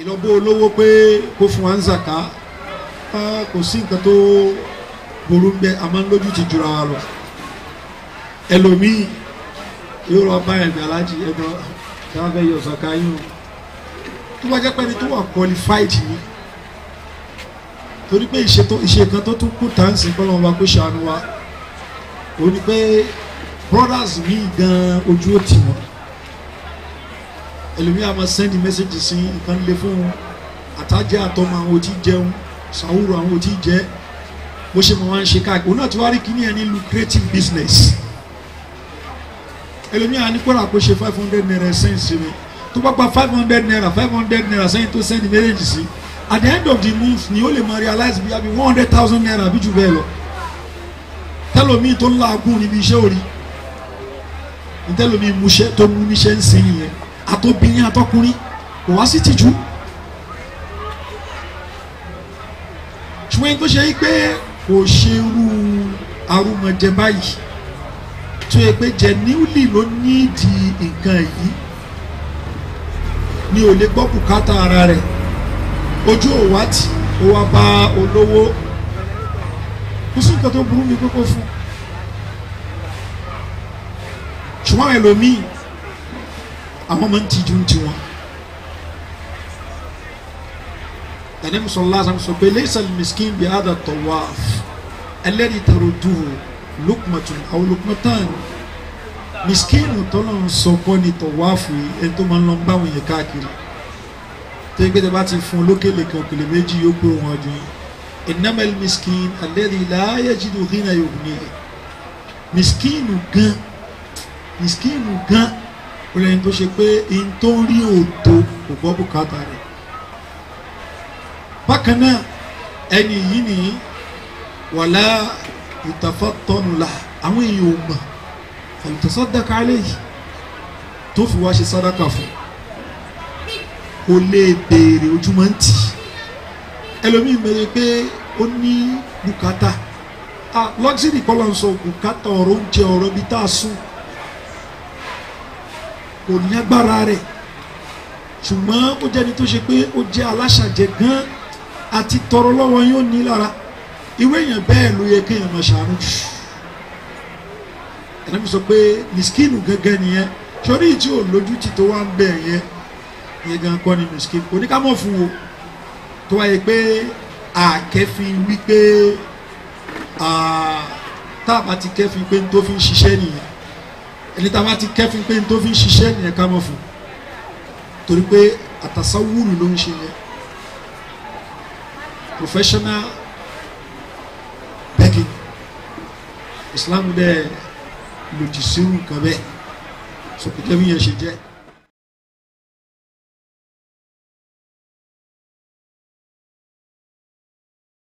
ìlọ́bó olówó pé kó fún wa ń zàká kò sí nǹkan tó burú ń bẹ àmọ́ lójú ti jura wa lọ ẹlòmíì yóò lọ bá ẹgbẹ́ aláàjì ẹgbẹ́ tí wọ́n fẹ́ yọ zàká yín o tó bá jẹ́ pé ẹni tó wà qualified ni torí pé ìṣe kan tó tún kú táǹsì kọ́lọ́ wa kó ṣàánú wa ò ní pé brothers mi gan ojú ò tì wọ́n ẹlòmíì àmọ́ sẹ́ndì mẹ́sẹ̀gì sí nǹkan lé fún un àtàjẹ́ àtọmọ àwọn òtí jẹun sàwúrò àwọn òtí jẹ bó ṣe mọ̀ wá ń ṣe káàkiri òun náà ti wá rí kíní ẹni lucrative business ẹlòmíì àní kọ́ra kó ṣe five hundred naira sẹ́ǹsì mi tó bá gba five hundred naira five hundred naira sẹ́yìn tó sẹ́ndì mẹ́sẹ̀gì sí at the end of the month ni ó lè máa realize bí i one hundred thousand naira bí jù bẹ́ẹ̀ lọ tẹlomi tó ń laagun níbi iṣẹ́ òri tẹlomi tó mú níṣẹ́ ń sìn yẹn àtobìnrin àtọkùnrin kò wá sí tìjú ṣùgbọ́n ẹni tó ṣe yí pé kò ṣe irú arúmọjẹ báyìí tó yẹ pé jẹniúlì ló ní ìdí nǹkan yìí ni ò lè gbọ́ bùkátà ara rẹ̀ ojú òwádìí ó wá bá olówó kò sí nǹkan tó burú mi pé kó fún ṣùgbọ́n ẹlòmíì ahoma ntiju ntiwa nanim sallallahu alaihi wasallam belaysa almiskin bi hadha tawaf alladhi tarudduhu lukmatun aw lukmatan miskinu tọ́lọ̀ ń sọ kọ́ ni tọ̀wáàfù yìí ẹni tó máa ń lọ ń bá àwọn èèyàn káàkiri tó yẹ pé tẹ bá ti fún un lókèlè kan òkèlè méjì yóò miskin alladhi la yajidu ghina yughnihi miskinu gan miskinu gan ó lẹ́yìn tó ṣe pé in tó rí òdo kò gbọ́ bùkátà rẹ̀ bákan náà ẹni yìí nìyí wàlá ìtàfọ́tọ́nù la àwọn èèyàn ò mọ̀ fàlùtàsọ́dàkà aléyìí tó fi wá ṣe sàdákà fún kò lè béèrè ojúmọ́ ń tì ẹlòmíì mẹ́rin pé ó ní bùkátà ah luxury kọ́ ń sọ bùkátà ọ̀rọ̀ oúnjẹ ọ̀rọ̀ ibi tá a sùn kò ní agbára rẹ̀ ṣùgbọ́n ó jẹ́ ẹni tó ṣe pé ó jẹ́ aláṣàjẹ gan àti tọrọ lọ́wọ́ yóò ní lára ìwé èèyàn bẹ́ẹ̀ ló yẹ kéèyàn máa ṣàánú jù ẹ̀rọ sọ pé miskinu gẹ́gẹ́ nìyẹn sórí tí ò lójútì tó wá ń bẹ̀ yẹn yẹn gan kọ́ ni miskin oníkámọ̀ fún wo tó wáyé pé àkẹ́fin wípé tá a bá ti kẹ́fin pé n tó fi ń ṣiṣẹ́ nìyẹn ẹni tá a bá ti kẹ́fín pé n tó fi ń ṣiṣẹ́ nìyẹn ká mọ̀ fún torí pé àtàsáwùrù ló ń ṣe yẹn professional backing, Islam dẹ̀ lòdì sírù nǹkan bẹ́ẹ̀ sọ pé kẹ́fín yẹn ṣe jẹ́.